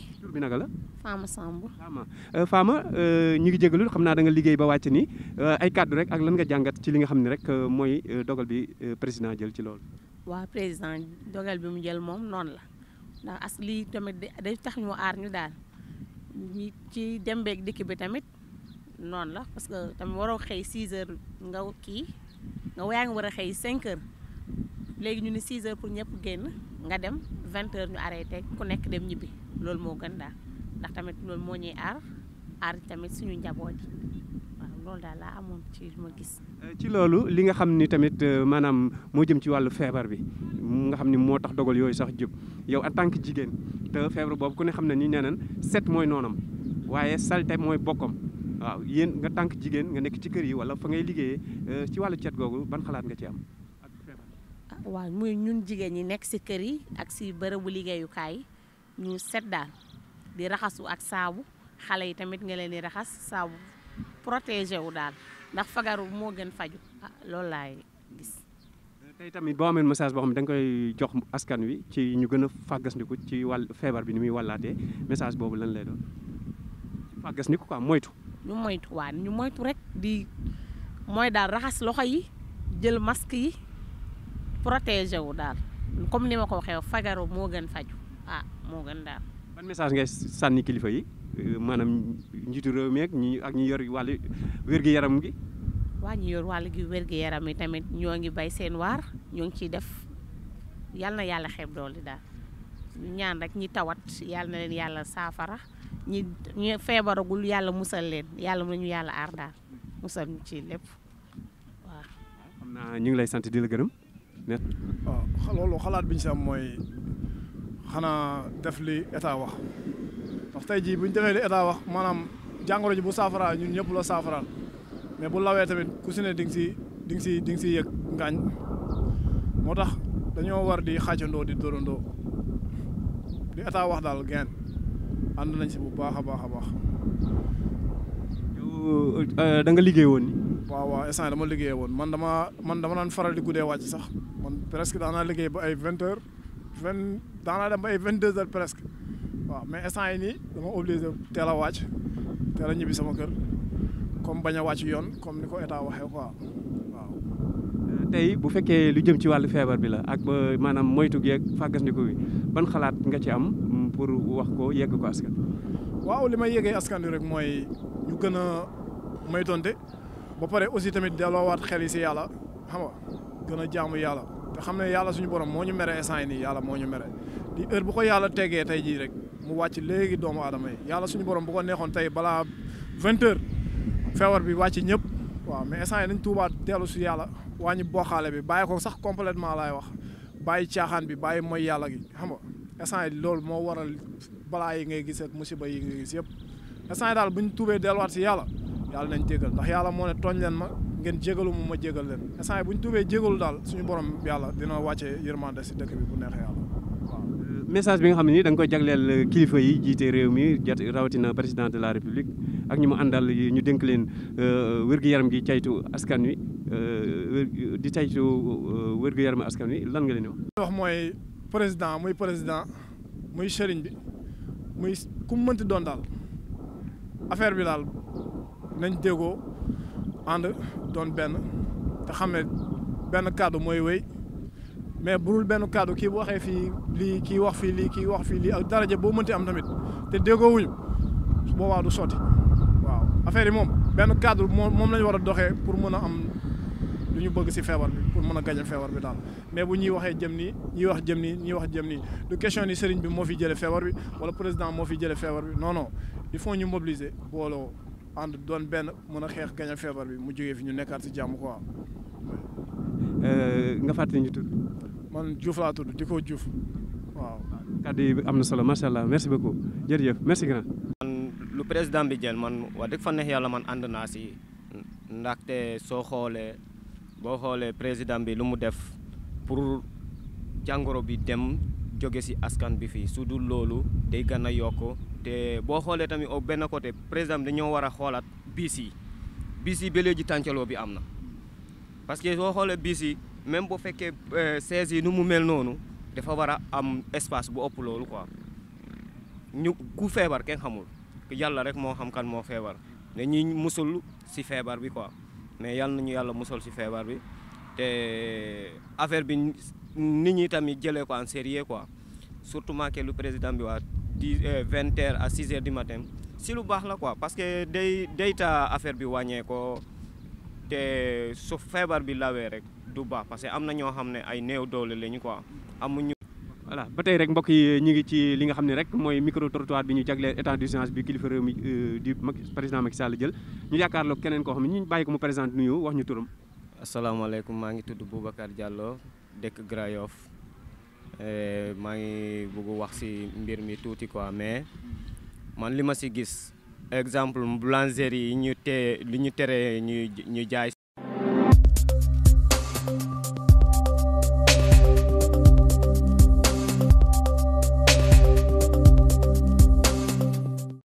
bi. tur bi naka la. Fama Samb. Fama euh, Fama euh, ñu ngi jégalu xam naa da nga liggéey ba wàcc ni euh, ay kàddu rek ak lan nga jàngat ci li nga xam ne rek mooy dogal bi président jël ci loolu. waa président dogal bi mu jël moom noonu la ndax as lii tamit day tax ñu aar ñu daal ci dem beeg dikk bi tamit noonu la parce que tamit waroo xëy 6 heures nga kii nga yaa ngi war a xëy 5 heures. léegi ñu ni 6 heures pour ñëpp génn nga dem 20 heures ñu arrêté ku nekk dem ñibbi loolu moo gën daal ndax tamit loolu moo ñuy aar aar tamit suñu njaboot yi waaw loolu daal laa amoon ci lu ma gis. Euh, ci loolu li nga xam ni tamit euh, maanaam moo jëm ci wàllu feebar bi nga xam ni moo tax dogal yooyu sax jub yow en tànk jigéen te feebar boobu ku ne xam ne ni nee nañ set mooy noonam waaye salte mooy bokkam. waaw yéen nga tànk jigéen nga nekk ci kër yi walla fa ngay liggéeyee euh, ci wàllu cet googu ban xalaat nga ci am. waaw muy ñun jigéen ñi nekk si kër yi ak si bërëbu liggéeyukaay ñu set daal di raxasu ak saabu xale yi tamit nga leen di raxas saabu protégé wu daal ndax fagaru moo gën faju ah loolu laay gis. tey tamit boo amee message boo xam ne da nga koy jox askan wi ci ñu gën a fàggasniku ci wàll feebar bi ni muy wàllaatee message boobu lan lay doon fàggasniku quoi moytu. ñu moytu waa ñu moytu rek di mooy daal raxas loxo yi jël mask yi. protéger wu daal comme ni ma ko waxee fagaru moo gën faju ah moo gën daal. ban message ngay sànni kilifa yi euh, maanaam njiitu réew mi ak ñi ak ñi yor wàllu wérgu yaram gi. waa ñi yor wàllu gi wérgu yaram yi tamit ñoo ngi bay seen waar yala ngi ciy def yal na yàlla xeeb doole daal ñaan rek ñi tawat yal na leen yàlla saafara ñi ñu feebaragul yàlla musal leen musal ñu ci ñu ngi lay di la net waaw loolu xalaat bi ñu si am mooy xanaa def li état wax ndax tey jii bu ñu defee li état wax maanaam jàngoro ji bu saafaraa ñun ñëpp la saafaraal mais bu lawee tamit ku si ne si di si di nga si yëg ngaañ moo tax dañoo war di xaajandoo di dóorandoo di état wax daal geen ànd nañ si bu baax a baax a baax. Euh, da liggéey woon ni waaw waaw instant dama liggéey woon man dama man dama naan faral di guddee wàcc sax man presque daanaa liggéey ba ay vingt heures vingt daanaa dem ba ay vingt deux heures presque waaw mais instant yi nii dama obligé teel a wàcc teel a ñibbi sama kër comme bañ a wàcc yoon comme ni ko état waxee quoi waaw. tey bu fekkee lu jëm ci wàllu feebar bi la ak ba maanaam moytu geeg fàggandiku bi ban xalaat nga ci am pour wax ko yegg ko askan. waaw li may yeggee askan wi rek mooy ñu gën a ba pare aussi tamit delloowaat xel yi si yàlla xam nga jaamu yàlla te xam ne yàlla suñu borom moo ñu mere instant yi nii yàlla moo ñu mere di heure bu ko yàlla tegee tey jii rek mu wàcc léegi doomu adama yi yàlla suñu borom bu ko neexoon tey balaa vingt heures feebar bi wàcc ñëpp waaw mais instant yi nañ tuubaat dellu si yàlla wàññi bokkaale bi bàyyi ko sax complètement laay wax bàyyi caaxaan bi bàyyi mooy yàlla gi xam nga instant loolu moo waral balaa yi ngay gis ak musiba yi ngay gis yëpp daal bu ñu tuubee delluwaat si yàlla yàlla nañ jégal ndax yàlla moo ne tooñ leen ma ngeen jégalu mu ma jégal leen instant ñu tuubee jégalu daal suñu borom yàlla dina wàccee yërmande si dëkk bi bu neexee euh, message bi nga xam ne nii da koy jagleel euh, kilifa yi jiite réew mi jat rawatina président de la république ak ñu mu àndal ñu denk leen euh, wér-gu-yaram gi caytu askan wi di caytu wér-gu-yaram askan wi lan nga leen wax. wax mooy président muy président muy sëriñ bi muy ku mu mënti doon daal affaire bi daal. nañ déggoo ànd doon benn te xam benn kàddu mooy wéy mais burul benn kàddu kii bu waxee fii lii kii wax fii lii kii wax fii lii ak daraja boo mënti am tamit te déggoo wuñu su boobaa du sotti waaw affaire yi moom benn kàddu moom lañ war a doxee pour mën a am lu ñu bëgg si feebar bi pour mën a gañe feebar bi daal mais bu ñuy waxee jëm nii ñuy wax jëm nii ñuy wax jëm nii du question ni sëriñ bi moo fi jëlee feebar bi wala président moo fi jëlee feebar bi non non il ñu mobiliser booloo. and don ben mona xex xeex gañ bi mu jógee fi ñu nekkat si jamm quoi. Euh, nga fàttali ñu tudd. man Diouf la tudd diko ko waaw. kaddu yi amna baku. solo macha allah merci beaucoup jeuf merci grand. man lu président bi jël man wa dëgg fa neex yalla man ànd naa si ndaxte so xolé bo xolé président bi lu mu def pour jangoro bi dem joge si askan bi fi sudul lolu day gëna yoko te boo xoolee tamit au benn côté président dañoo war a xoolaat biis yi biis yi ba léegi tàncaloo bi am na parce que soo xoolee biis yi même bu fekkee euh, seize yi nu mu mel noonu dafa war a am espace bu ëpp ko ñu ku feebar ken xamul yàlla rek moo xam kan moo feebar dañuy musul si feebar bi quoi mais na nañu yàlla musul si feebar bi te affaire bi nit ñi tamit jëlee ko en sérieux quoi surtout que lu président bi waa di euh, vingt heures à six heures du matin si lu baax la quoi parce que day day ta affaire bi wàññeekoo te su feebar bi lawee rek du baax parce que am na ñoo xam ne ay néew doole lañu quoi amuñu. voilà ba tey rek mbokk yi ñu ngi ci li nga xam ne rek mooy micro trottoir bi ñu jagleel état d'urgence bi kilifa réew mi euh, di président Macky Sall jël ñu yaakaarloo keneen ko xam ne ñu bàyyi ko mu présente nuyu wax ñu turam. asalaamaaleykum maa ngi tudd Boubacar Diallo dëkk Grand Yoff Eh, maa ngi bëgg wax si mbir mi tuuti quoi mais man li ma si gis exemple boulangerie yi ñu tee li ñu tere ñu ñu jaay